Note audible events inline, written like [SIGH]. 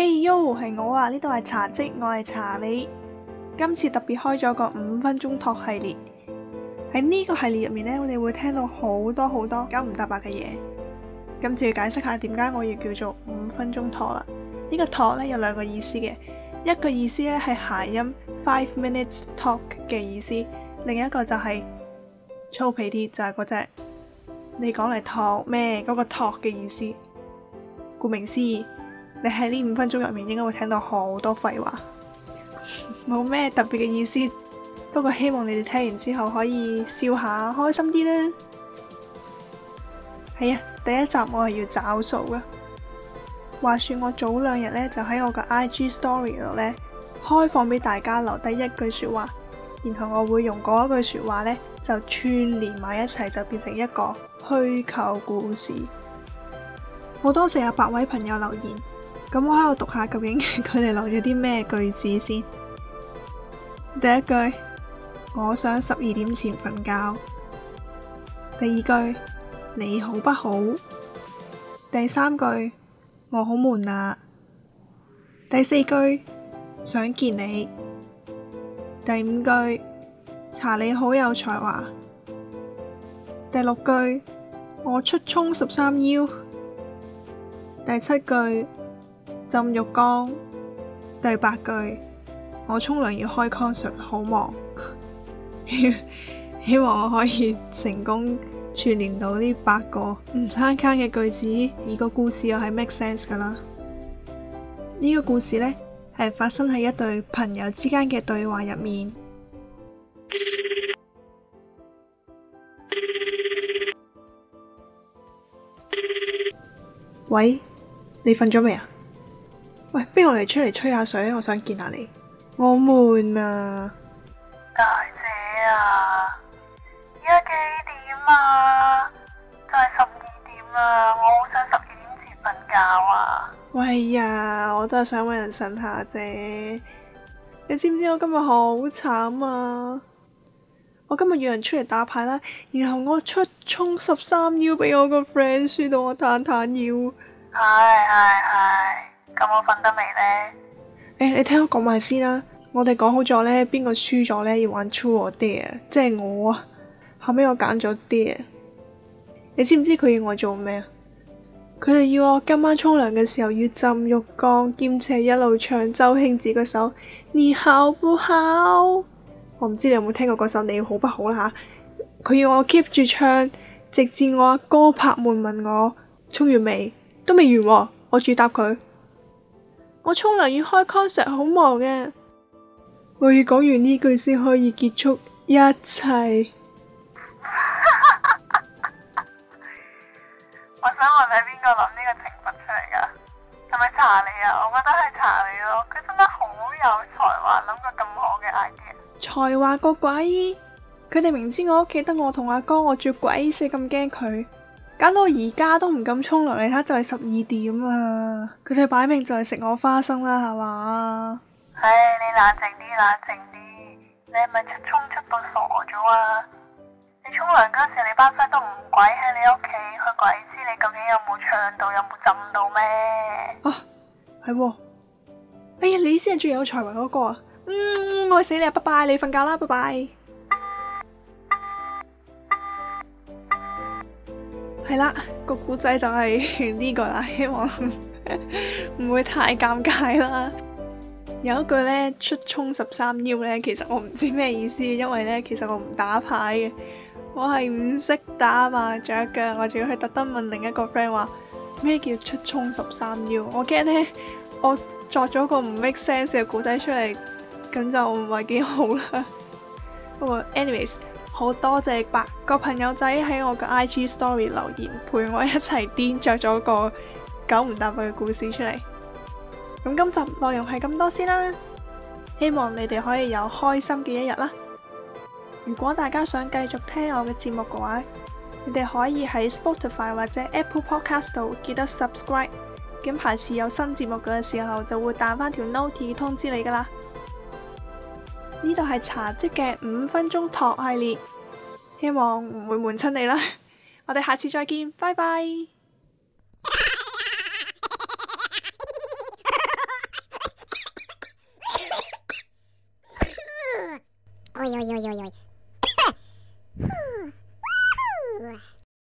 哎喲，係我啊！呢度係茶漬，我係茶你。今次特別開咗個五分鐘托系列。喺呢個系列入面呢，我哋會聽到好多好多九唔搭八嘅嘢。今次要解釋下點解我要叫做五分鐘托啦。呢個托呢，有兩個意思嘅，一個意思呢，係諧音 five minutes talk 嘅意思，另一個就係粗皮啲，就係嗰隻你講嚟托咩嗰個托嘅意思，顧名思義。你喺呢五分鐘入面應該會聽到好多廢話，冇 [LAUGHS] 咩特別嘅意思。不過希望你哋聽完之後可以笑下，開心啲啦。係啊、哎，第一集我係要找數噶。話說我早兩日呢，就喺我個 IG story 度呢，開放俾大家留低一句説話，然後我會用嗰一句説話呢，就串連埋一齊，就變成一個虛構故事。好多謝有八位朋友留言。咁我喺度讀下究竟佢哋留咗啲咩句子先。第一句，我想十二點前瞓覺。第二句，你好不好？第三句，我好悶啊。第四句，想見你。第五句，查理好有才華。第六句，我出沖十三幺。第七句。浸浴缸，第八句，我沖涼要開 concert，好忙， [LAUGHS] 希望我可以成功串聯到呢八個唔生坑嘅句子，而、這個故事又係 make sense 噶啦。呢、這個故事呢，係發生喺一對朋友之間嘅對話入面。喂，你瞓咗未啊？喂，不如我哋出嚟吹下水，我想見下你。我悶啊，大姐啊，而家幾點啊？就係十二點啦，啊，我好想十二點前瞓覺啊。喂呀，我都係想搵人呻下啫。你知唔知我今日好慘啊？我今日約人出嚟打牌啦，然後我出沖十三幺俾我個 friend，輸到我攤攤腰。係係係。咁我瞓得未呢？誒，hey, 你聽我講埋先啦。我哋講好咗呢，邊個輸咗呢？要玩 True or Dare 即係我。啊。後尾我揀咗 Dare a，你知唔知佢要我做咩？佢哋要我今晚沖涼嘅時候要浸浴缸，兼且一路唱周興哲嗰首你好不好。我唔知你有冇聽過嗰首你好不好啦，吓。佢要我 keep 住唱，直至我阿哥拍門問我沖完未，都未完，啊，我住答佢。我沖涼要開 concert，好忙嘅！我要講完呢句先可以結束一切。我想問下邊個諗呢個懲罰出嚟噶？係咪查理啊？我覺得係查理咯。佢真係好有才華，諗個咁好嘅 idea。才華個鬼！佢哋明知我屋企得我同阿哥，我仲鬼死咁驚佢。搞到而家都唔敢沖涼，你睇就係十二點啊！佢哋擺明就係食我花生啦，係嘛？唉、哎，你冷靜啲，冷靜啲，你係咪出沖出到傻咗啊？你沖涼嗰時，你班 friend 都唔鬼喺你屋企，佢鬼知你究竟有冇唱到，有冇浸到咩？啊，係、啊，哎呀，你先係最有才華嗰個啊！嗯，愛死你啊！拜拜，你瞓覺啦，拜拜。係啦，個古仔就係呢個啦，希望唔 [LAUGHS] 會太尷尬啦。有一句呢，「出冲十三幺」呢，其實我唔知咩意思，因為呢，其實我唔打牌嘅，我係唔識打麻雀噶，我仲要去特登問另一個 friend 話咩叫出冲十三幺，我驚呢，我作咗個唔 make sense 嘅古仔出嚟，咁就唔係幾好啦。不過 [LAUGHS] anyways。好多謝白個朋友仔喺我個 IG Story 留言，陪我一齊癲，着咗個九唔搭八嘅故事出嚟。咁 [LAUGHS] 今集內容係咁多先啦，希望你哋可以有開心嘅一日啦。如果大家想繼續聽我嘅節目嘅話，你哋可以喺 Spotify 或者 Apple Podcast 度記得 subscribe，咁下次有新節目嘅時候就會彈翻條 note 通知你噶啦。呢度係茶漬嘅五分鐘托系列，希望唔會悶親你啦。 [LAUGHS] 我哋下次再見，拜拜。